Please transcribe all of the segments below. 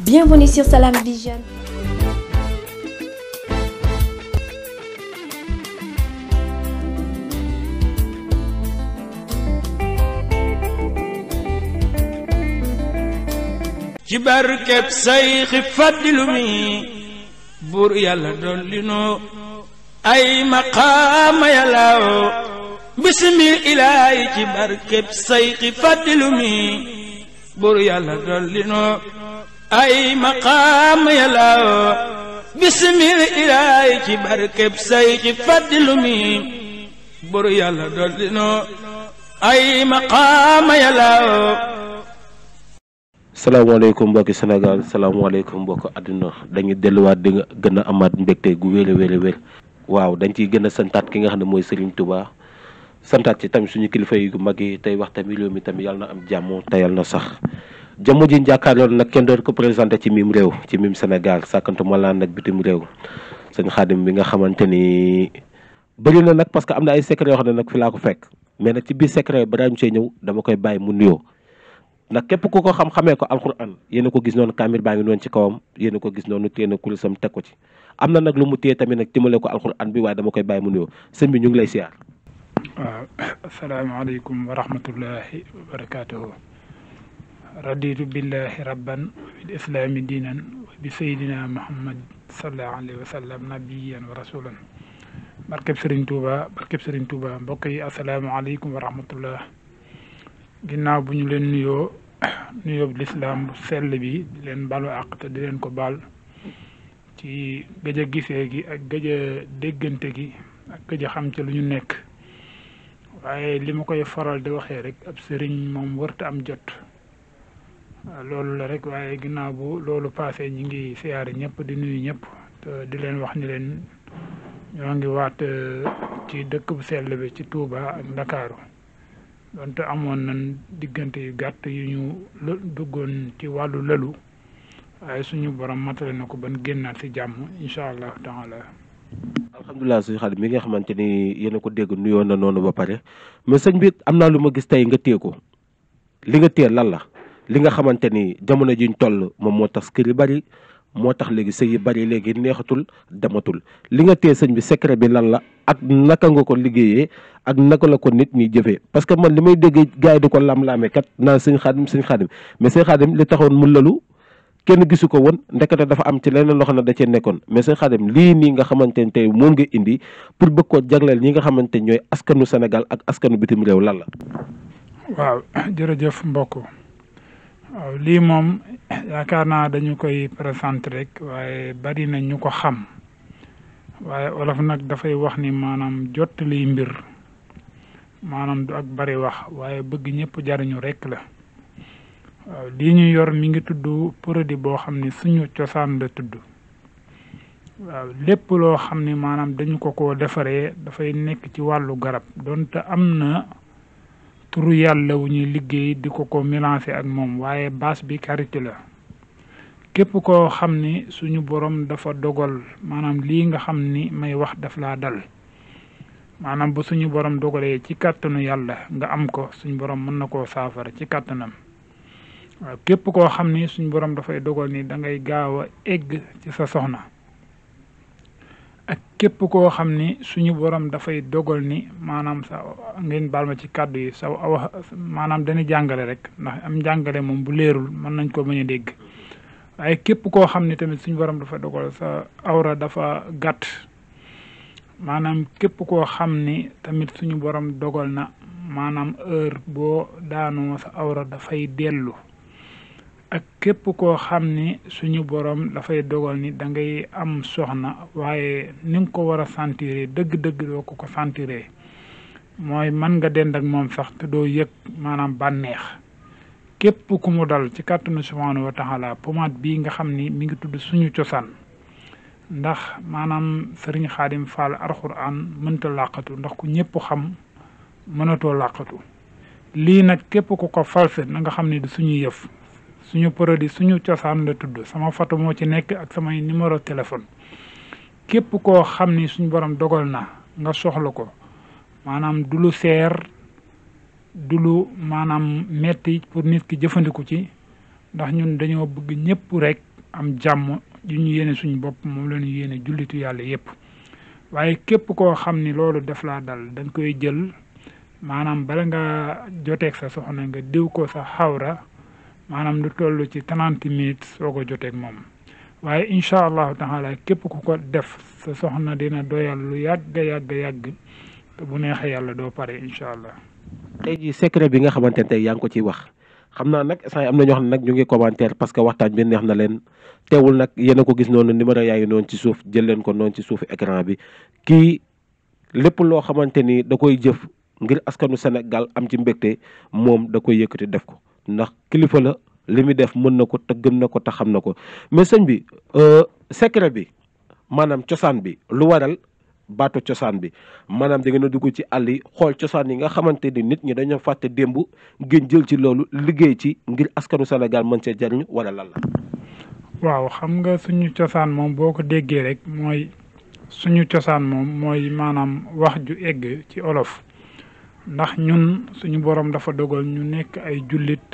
Bienvenue sur Salam Vision. ci yàlla dolli ay maqaama yàllaaw bisimil ilaahi ci barkeb sayxi faddilu mi ay maqaam yàllaawo bisimil ilaay ci barkeb say ci faddilu buru yàlla doldinoo ay maqaam yàllaawo salaamaaleykum mbokki Sénégal salaamaaleykum mbokki àdduna dañu delluwaat di gën a amaat mbégte gu wér a wér waaw dañ ciy gën a santaat ki nga xam ne mooy Serigne tubaa santaat ci tamit suñu kilifa gu mag yi tey wax tamit réew tamit yàlla na am jàmm te yàlla na sax jëmm ji jàkkaarloon nag kenn doon ko présenté ci miim réew ci mim Sénégal sàkkantuma laan nag bitim réew sëñ xaadim bi nga xamante ni bëri na nag parce que am na ay secret yoo laa ko fekk mais nag ci biir secret ba daañu see ñëw dama koy bàyyi mu nuyoo nag képp ku ko xam-xamee ko alxuraan yéena ko gis noonu kaamir baa ngi noonu ci kawam yéena ko gis noonu téye na kulisam teg ko ci am na nag lu mu téye tamit nag timale ko alxuraan bi waaye dama koy bàyyi mu nuyoo sëñ bi ñu ngi lay siyaar waaw asalaamaaleykum wa rahmatullahi wa barakaatuhu raditu billahi rabban wa bil islami diinan wa bi saydina muhammad sallallahu alayhi wa sallam nabiyan wa rasulan barkeb sëriñ tuuba barkeb sëriñ tuuba mbokk yi asalaamaaleykum wa rahmatullah ginnaaw bu ñu leen nuyoo nuyoo lislaam bu sell bi leen balu àq te di leen ko baal ci gëj a gisee gi ak gëj déggante gi ak gëj xam ci lu ñu nekk waaye li koy faral di waxee rek ab sëriñ moom wërta am jot Ah, loolu la rek waaye ginnaaw bu loolu passé ñi ngi siyaare ñëpp di nuyu ñëpp di leen wax ni leen ñoo ngi waat eh, ci dëkk bu sell bi ci Touba ak Ndakaaru donte amoon na diggante yu gàtt yu ñu duggoon ci wàllu lalu waaye suñu borom matale na ko ban génnaat ci jàmm incha allahu taala alhamdulilah suñu xarit mi nga xamante ni yéen ko dégg nuyoon na noonu ba pare mais sëñ bi am naa lu ma gis tey nga téye ko li nga téye lan la. li nga xamante ni jamono jiñ toll moom moo tax kër yu bari moo tax léegi sëy yu bari léegi neexatul dematul li nga tee sëñ bi secret bi lan la ak naka nga ko liggéeyee ak naka la ko nit ñi jëfee parce que man li may déggee gars yi di ko lam-laamee kat naa sëñ xaadim sëñ xaadim mais sëñ xaadim li taxoon mu kenn gisu ko woon ndekete dafa am ci leneen loo xam ne da cee nekkoon mais sëñ Xaadim lii nii nga xamante ne tey moom nga indi pour bëgg koo jagleel ñi nga xamante ñooy askanu Sénégal ak askanu bitim réew lan la. waaw jërëjëf mbokk waaw lii moom yaakaar naa dañu koy présenter rek waaye bari na ñu ko xam waaye olof nag dafay wax ni maanaam jot jottali mbir maanaam du ak bari wax waaye bëgg ñëpp jariñu rek la waaw lii ñu yor mi ngi tudd produit boo xam ni suñu cosaan la tudd waaw lépp loo xam ni maanaam dañu ko ko defaree dafay nekk ci wàllu garab donte am na turu yàlla wu ñuy liggéey di ko ko mélanger ak moom waaye baas bi karité la képp koo xam ni suñu borom dafa dogal maanaam lii nga xam ni may wax daf laa dal maanaam bu suñu borom dogalee ci kàttanu yàlla nga am ko suñu borom mën na koo saafara ci kàttanam waaw képp koo xam ni suñu borom dafay dogal nii da ngay gaaw a egg ci sa soxna képp koo xam ni suñu borom dafay dogal ni maanaam sa ngeen baal ma ci kàddu yi sa wax maanaam dañuy jàngale rek ndax am jàngale moom bu leerul mën nañ ko bañ a dégg waaye képp koo xam ni tamit suñu borom dafa dogal sa awra dafa gàtt maanaam képp koo xam ni tamit suñu borom dogal na maanaam heure boo daanoo sa awra dafay dellu ak képp koo xam ni suñu boroom dafay dogal ni dangay ngay am soxna waaye ni nga ko war a sentir dëgg-dëgg doo ko ko sentir mooy mën nga dend ak moom sax te doo yëg maanaam bànneex képp ku mu dal ci kàttanu subhaanahu wa taala pommade bii nga xam ni mi ngi tudd suñu cosaan ndax maanaam sëriñ xaadim faal alxuraan mënta làqatu ndax ku ñëpp xam mënatoo làqatu lii nag képp ku ko false na nga xam ni du suñu yëf suñu produit suñu cosaan la tudd sama photo moo ci nekk ak samay numéro téléphone képp koo xam ni suñu borom dogal na nga soxla ko maanaam du lu seer dulu maanaam metti pour nit ki jëfandiku ci ndax ñun dañoo bëgg ñëpp rek am jàmm yu ñu yéene suñu bopp moom la ñu yéene jullitu yàlla yépp waaye képp koo xam ni loolu def laa dal dañ koy jël maanaam bala nga joteeg sa soxna nga diw ko sa xawra maanaam lu toll ci trente minutes soo ko joteeg moom waaye incha allah taala képp ku ko def sa soxna dina doyal lu yàgg yàgg yàgg te bu neexee yàlla doo pare incha allah. tey jii bi nga xamante ne tey yaa ngi ko ciy wax xam na nag saa am na ñoo xam ne nag ñu ngi commentaire parce que waxtaan bi neex na leen teewul nag yéen a ko gis noonu numéro yaa noonu ci suuf jëleen ko noonu ci suuf écran bi kii lépp loo xamante ni da koy jëf ngir askanu Sénégal am ci mbégte moom da koy yëkkati def ko. ndax kilifa la li muy def mën na ko te gëm na ko te xam na ko mais sëñ bi euh, secret bi maanaam cosaan bi lu waral baatu cosaan bi maanaam da ngeen a dugg ci àll yi xool cosaan yi nga xamante ni nit ñi dañoo fàtte démb ngeen jël ci loolu liggéey ci ngir askanu Sénégal mën see jariñu wala lan la. waaw xam nga suñu cosaan moom boo ko déggee rek mooy suñu cosaan moom mooy maanaam wax ju egg ci olof ndax ñun suñu borom dafa dogal ñu nekk ay jullit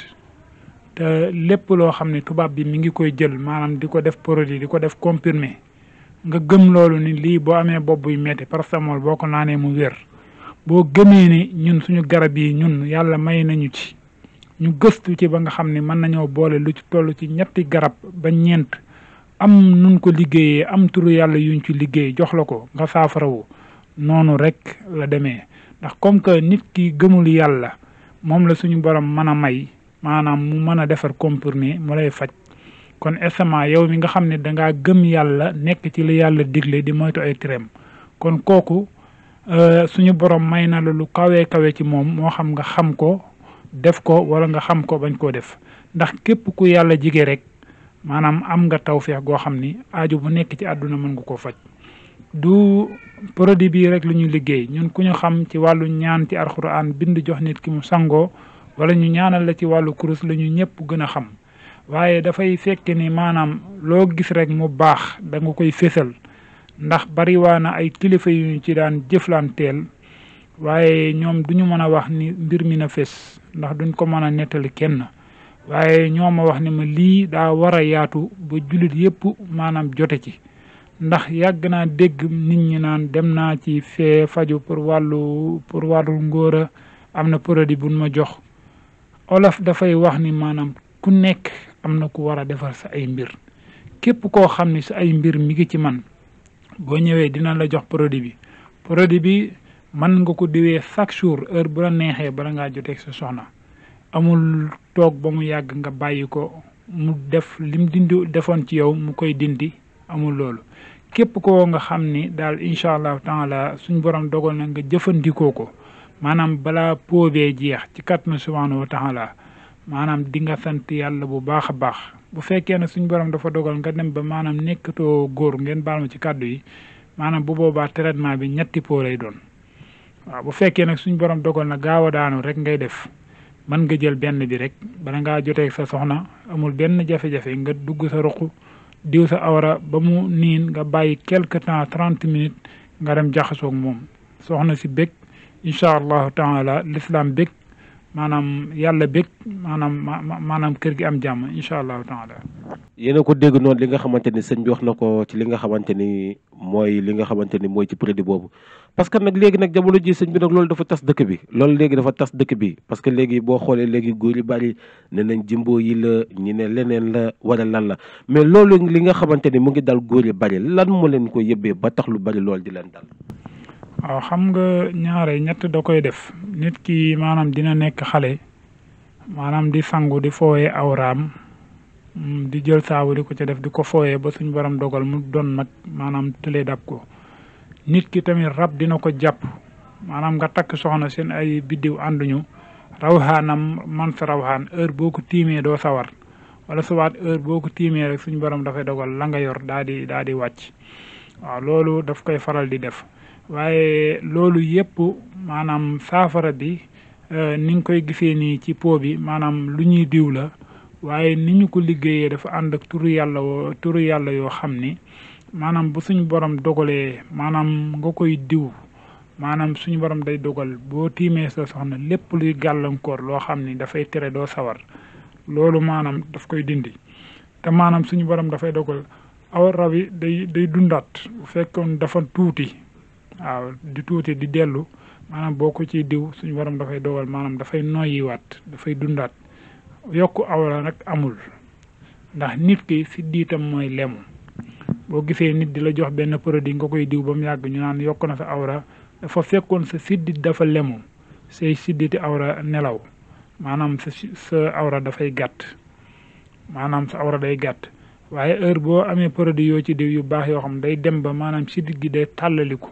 te lépp loo xam ne tubaab bi mi ngi koy jël maanaam di ko def produit di ko def comprimé nga gëm loolu ni lii boo amee bopp buy metti paracétamol boo ko naanee mu wér boo gëmee ni ñun suñu garab yi ñun yàlla may nañu ci ñu gëstu ci ba nga xam ne mën nañoo boole lu ci toll ci ñetti garab ba ñeent am nun ko liggéeyee am turu yàlla yuñ ci liggéey jox la ko nga saafarawu noonu rek la demee ndax comme que nit ki gëmul yàlla moom la suñu borom mën a may maanaam mu mën a defar comprimé mu lay faj kon estomac yow mi nga xam ne dangaa gëm yàlla nekk ci li yàlla digle di moytu ay crème kon kooku euh, suñu borom may na la lu kawee kawe ci moom moo xam nga xam ko def ko wala nga xam ko bañ koo def ndax képp ku yàlla jige rek maanaam am nga taw feex goo xam ni aaju bu nekk ci àdduna mën nga koo faj du produit bi rek lu ñu liggéey ñun ku ñu xam ci wàllu ñaan ci alxuraan bind jox nit ki mu sangoo wala ñu ñaanal la ci wàllu kurus la ñu ñëpp gën a xam waaye dafay fekk ni maanaam loo gis rek mu baax da nga koy fësal ndax bariwaa na ay kilifa yu ñu ci daan jëflanteel waaye ñoom duñu mën a wax ni mbir mi na fës ndax duñ ko mën a nettali kenn waaye ñoo ma wax ni ma lii daa war a yaatu ba jullit yëpp maanaam jote ci ndax yàgg naa dégg nit ñi naan dem naa ci fee faju pour wàllu pour wàllu ngóora am na produit buñ ma jox olof dafay wax ni maanaam ku nekk am na ku war a defar sa ay mbir képp koo xam ni sa ay mbir mi ngi ci man boo ñëwee dina la jox produit bi produit bi mën nga ko diwee chaque jour heure bu la neexee bala ngaa joteek sa soxna amul toog ba mu yàgg nga bàyyi ko mu def lim dindi defoon ci yow mu koy dindi amul loolu képp koo nga xam ni daal incha allahu la suñ borom dogal na nga jëfandikoo ko maanaam balaa poobee jeex ci kàttanu subhaanahu wa taala maanaam di nga sant yàlla bu baax a baax bu fekkee ne suñ borom dafa dogal nga dem ba maanaam nekkatoo góor ngeen baal ma ci kàddu yi maanaam bu boobaa traitement bi ñetti po lay doon waaw bu fekkee nag suñ borom dogal na gaaw a daanu rek ngay def man nga jël benn bi rek bala ngaa joteeg sa soxna amul benn jafe-jafe nga dugg sa ruq diw sa awra ba mu niin nga bàyyi quelque temps trente minutes nga dem jaxasoog moom soxna si bég incha allahu taala l'islam bég maanaam yàlla bég maanaam maanaam kër gi am jàmm incha allahu taala yéen ko dégg noonu li nga xamante ni sëñ bi wax na ko ci li nga xamante ni mooy li nga xamante ni mooy ci produit boobu parce que nag léegi nag jamono ji sëñ bi nag loolu dafa tas dëkk bi loolu léegi dafa tas dëkk bi parce que léegi boo xoolee léegi góor yu bari ne nañ jimbo yi la ñi ne leneen la wala lan la mais loolu li nga xamante ni mu ngi dal góor yu bari lan moo leen koy yëbbee ba tax lu bari lool di leen dal. waaw xam nga ñaare ñett da koy def nit ki maanaam dina nekk xale maanaam di sangu di fooyee awraam di jël saabu di ko ca def di ko fooyee ba suñu borom dogal mu doon nag maanaam tëlee dab ko. nit ki tamit rab dina ko jàpp maanaam nga takk soxna seen ay biddiw ànduñu rawxaanam man sa rawxaan heure boo ko tiimee doo sawar wala subaat heure boo ko tiimee rek suñu borom dafay dogal la nga yor daa di daa di wàcc waaw loolu daf koy faral di def waaye loolu yëpp maanaam saafara bi euh, ni nga koy gisee nii ci po bi maanaam lu ñuy diw la waaye ni ko liggéeyee dafa ànd ak turu yàlla woo turu yàlla yoo xam ni maanaam bu suñu borom dogalee maanaam nga koy diw maanaam suñu borom day dogal boo tiimee sa lépp luy gàllankoor loo xam ni dafay tere doo sawar loolu maanaam daf koy dindi te maanaam suñu borom dafay dogal awra bi day day dundaat bu fekkoon dafa tuuti di tuuti di dellu maanaam boo ko ciy diw suñu borom dafay dogal maanaam dafay noyyiwaat dafay dundaat yokk awra nag amul ndax nit ki si diitam mooy lemu boo gisee nit di la jox benn produit nga koy diw ba mu yàgg ñu naan yokk na sa awra dafa fekkoon sa siddit dafa lemu say sidditi awra nelaw maanaam sa sa awra dafay gàtt maanaam sa awra day gàtt waaye heure boo amee produit yoo ci diw yu baax yoo xam day dem ba maanaam siddit gi day tàllaliku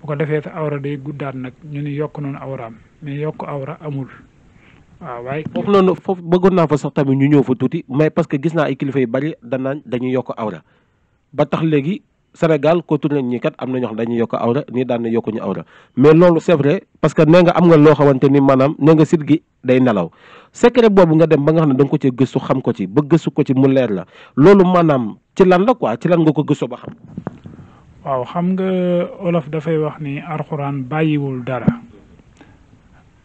bu ko defee sa awra day guddaat nag ñu ni yokk noonu awraam mais yokk awra amul waaw waaye foofu noonu foofu bëggoon naa fa sax tamit ñu ñëw fa tuuti mais parce que gis naa ay kilifa yu bari danaañ dañuy yokk awra ba tax léegi Sénégal ko tourné ñii kat am na ñoo xam dañuy yokk awra nii daan na yokkuñu awra mais loolu c'est vrai parce que nee nga am nga loo xamante ni maanaam nee nga sit gi day nelaw secret boobu nga dem ba nga xam ne da ko ci gëstu xam ko ci ba ko ci mu leer la loolu maanaam ci lan la quoi ci lan nga ko gëstu ba xam. waaw xam nga olof dafay wax ni arxuraan bàyyiwul dara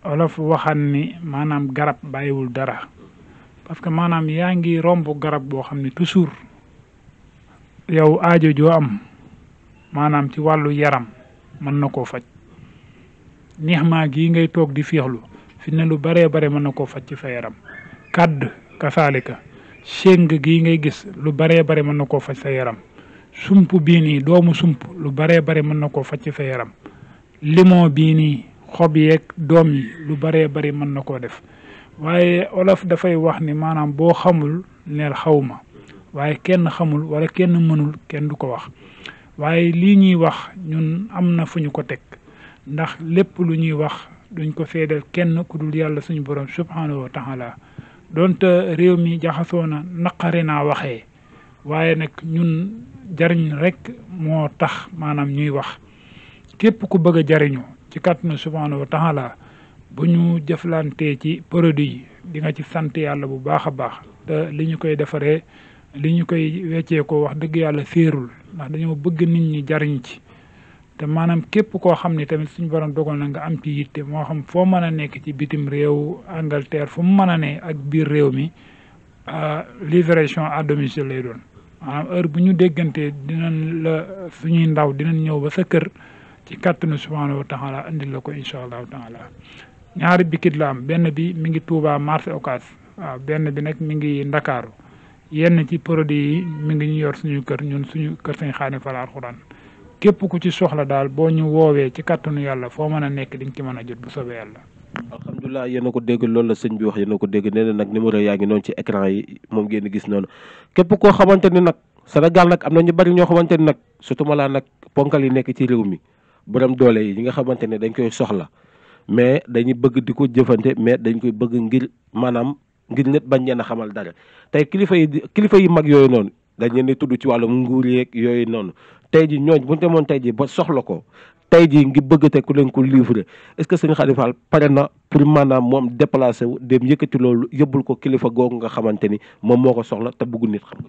olof waxaan ni maanaam garab bàyyiwul dara parce que maanaam yaa ngi romb garab boo xam ne toujours. yow aajo joo am maanaam ci wàllu yaram mën na koo faj nixmaa gii ngay toog di féexlu fi ne lu baree bare mën na koo faj ci sa yaram kàdd kasaalika séng gii ngay gis lu baree bare mën na koo faj sa yaram sump bii nii doomu sump lu baree bare mën na koo faj ci sa yaram limon bii nii xob yeek doom yi lu baree bare mën na koo def waaye olof dafay wax ni maanaam boo xamul neel xaw ma waaye kenn xamul wala kenn mënul kenn du ko wax waaye lii ñuy wax ñun am na fu ñu ko teg ndax lépp lu ñuy wax duñ ko seedal kenn ku dul yàlla suñu borom subhanahu wa taala donte réew mi jaxasoo na naqare naa waxee waaye nag ñun jariñ rek moo tax maanaam ñuy wax képp ku bëgg a jariñu ci kàttanu subhanahu wa taala bu ñu jëflantee ci produit yi di ci sant yàlla bu baax a baax te li ñu koy defaree li ñu koy weccee ko wax dëgg yàlla féerul ndax dañoo bëgg nit ñi jariñ ci te maanaam képp koo xam ni tamit suñu borom dogal na nga am ci yitte moo xam foo mën a nekk ci bitim réew Angleterre fu mu mën a ne ak biir réew mi euh, livraison à domicile lay doon maanaam heure bu ñu déggantee dina la suñuy ndaw dinañ ñëw ba sa kër ci kàttanu subhaanahu wa taala indil la ko incha allahu taala ñaari bikit la am benn bi mi ngi Touba marché Ocass waaw benn bi nag mi ngi Ndakaaru yenn ci produit yi mu ngi ñu yor suñu kër ñun suñu kër Sëñ Xaadim Fall alxuraan képp ku ci soxla daal boo ñu woowee ci kàttanu yàlla foo mën a nekk di nga ci mën a jot bu soobee yàlla. alhamdulilah yéen a ko dégg loolu la sëñ bi wax ko dégg nee na nag numéro yaa ngi ci écran yi moom ngeen gis noonu képp koo xamante ni nag Sénégal nag am na ñu bari ñoo xamante ni nag surtout ma laa nag yi nekk ci réew mi borom doole yi ñi nga xamante ne dañ koy soxla mais dañuy bëgg di ko jëfante mais dañ koy bëgg ngir maanaam ngir nit bañ leen a xamal dara tey kilifa yi kilifa yi mag yooyu noonu dañ leen di tudd ci wàllum nguur yeeg yooyu noonu tey ji ñooñ bu demoon tey ji ba soxla ko tey ji ngi bëgg te ku leen ku livrer est-ce que sëñ Khady pare na pour maanaam moom déplacé wu dem yëkkati loolu yëbbul ko kilifa googu nga xamante ni moom moo ko soxla te bëggu nit xam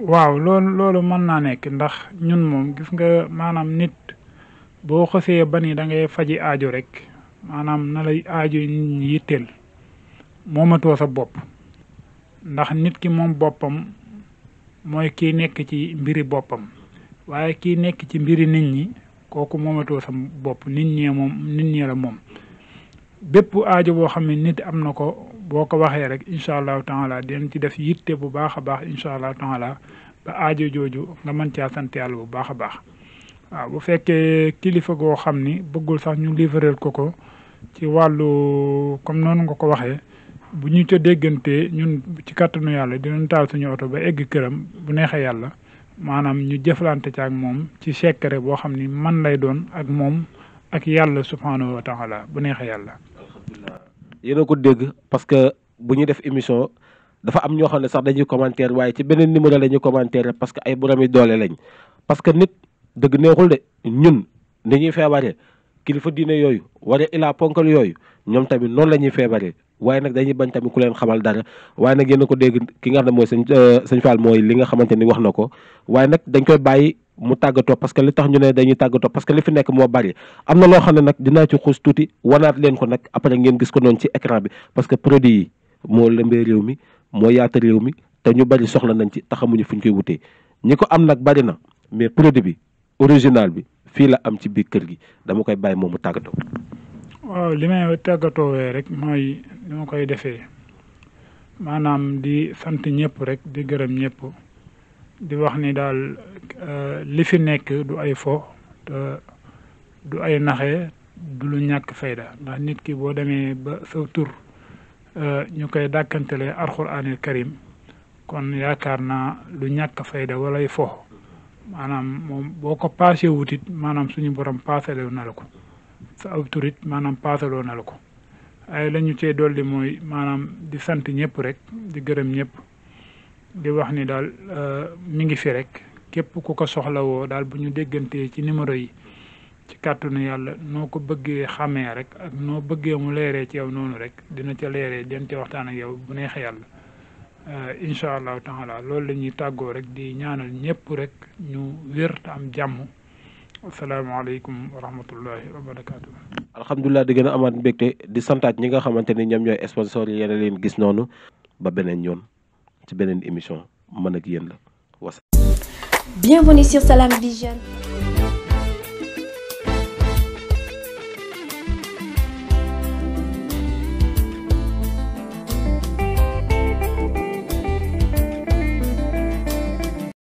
waaw loolu loolu mën naa nekk ndax ñun moom gis nga maanaam nit boo xosee ba ni da ngay faji aajo rek maanaam na lay aajo nit yitteel moomatoo sa bopp ndax nit ki moom boppam mooy kiy nekk ci mbiri boppam waaye kiy nekk ci mbiri nit ñi kooku moomatoo sa bopp nit ñee moom nit ñee la moom bépp aajo boo xam ne nit am na ko boo ko waxee rek incha allahu taala dem ci def yitte bu baax a baax incha allahu taala ba aajo jooju nga mën caa sant yàlla bu baax a baax waaw bu fekkee kilifa goo xam ni bëggul sax ñu livreel ko ko ci wàllu comme noonu nga ko waxee bu ñu ca déggante ñun ci kàttanu yàlla dinañ taal suñu oto ba egg këram bu neexee yàlla maanaam ñu jëflante ca ak moom ci sekkare boo xam ni man lay doon ak moom ak yàlla subhaanahu wa taala bu neexee yàlla. yéen a ko dégg parce que bu ñu def émission dafa am ñoo xam ne sax dañuy commentaire waaye ci beneen numéro la ñuy commentaire parce que ay boroomi doole lañ parce que nit dëgg neexul de ñun dañuy feebaree kilifa diine yooyu wala ilaa ponkal yooyu ñoom tamit noonu la ñuy feebaree. waaye nag dañuy bañ tamit ku leen xamal dara euh, wax na ko waaye nag dañ koy bàyyi mu tàggatoo parce que li tax ñu ne dañuy tàggatoo parce que li fi nekk moo bari am na loo xam ne nag dinaa ci xuus tuuti wanaat leen ko nag après gis ko noonu ci écran bi parce que produit yi moo lëmbee réew mi moo yaata réew mi te ñu bari soxla nañ ci tax taxamuñu fu ñu koy wutee ñi ko am nag bari na mais produit bi original bi fii la am ci biir kër gi dama koy bàyyi moom mu tàggatoo. waaw li tàggatoo rek ni ma koy defee maanaam di sant ñëpp rek di gërëm ñëpp di wax ni daal euh, li fi nekk du ay fo te du ay naxe du lu ñàkk fayda ndax nit ki boo demee ba sa tur euh, ñu koy dàkkantele alxuraanil karim kon yaakaar naa lu ñàkk fayda walay fo maanaam moom boo ko paasee wutit maanaam suñu borom paaseloo na ko sa ab turit maanaam paaseloo na ko ay la ñu cee dolli mooy maanaam di sant ñëpp rek di gërëm ñëpp di wax ni daal euh, mi ngi fi rek képp ku ko soxlawoo daal bu ñu déggantee ci numéro yi ci kàttanu yàlla noo ko bëggee xàmmee rek ak noo bëggee mu leeree ci yow noonu rek dina ca leeree dina waxtaan ak yow bu neexee yàlla euh, incha allah taala loolu lañuy tàggoo rek di ñaanal ñëpp rek ñu wér am jàmm. asalaamaaleykum wa rahmatullahi wa barakaatu. alhamdulilah di gën a amaat mbégte di santaat ñi nga xamante ni ñoom ñooy sponsor yi yéen gis noonu ba beneen yoon ci beneen émission mën ak yéen la wasa.